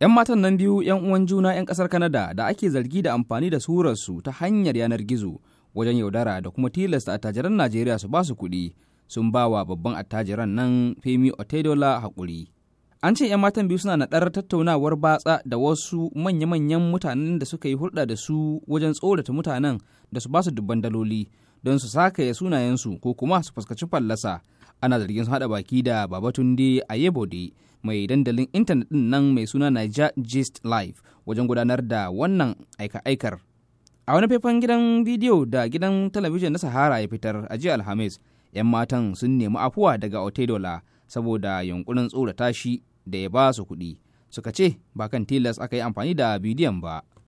'Yan matan nan biyu 'yan uwan juna 'yan kasar Kanada da ake zargi da amfani da surarsu ta hanyar yanar gizo wajen yaudara da kuma tilasta attajiran Najeriya su basu su kuɗi sun bawa babban attajiran nan Femi Otedola haƙuri. an ce 'yan matan biyu suna naɗar tattaunawar batsa da wasu manya-manyan mutanen da suka yi hulɗa da su wajen tsorata mutanen da su ba su dubban daloli don su sakaye sunayensu ko kuma su fuskaci fallasa ana zargin su haɗa baki da babatunde a yebode mai dandalin intanet ɗin nan mai suna naija gist live wajen gudanar da wannan aika-aikar a wani faifan gidan bidiyo da gidan talabijin na sahara ya fitar a jiya alhamis 'yan matan sun nemi afuwa daga otedola saboda yunkurin tsorata shi da ya ba su kuɗi suka ce ba kan tilas aka yi amfani da bidiyon ba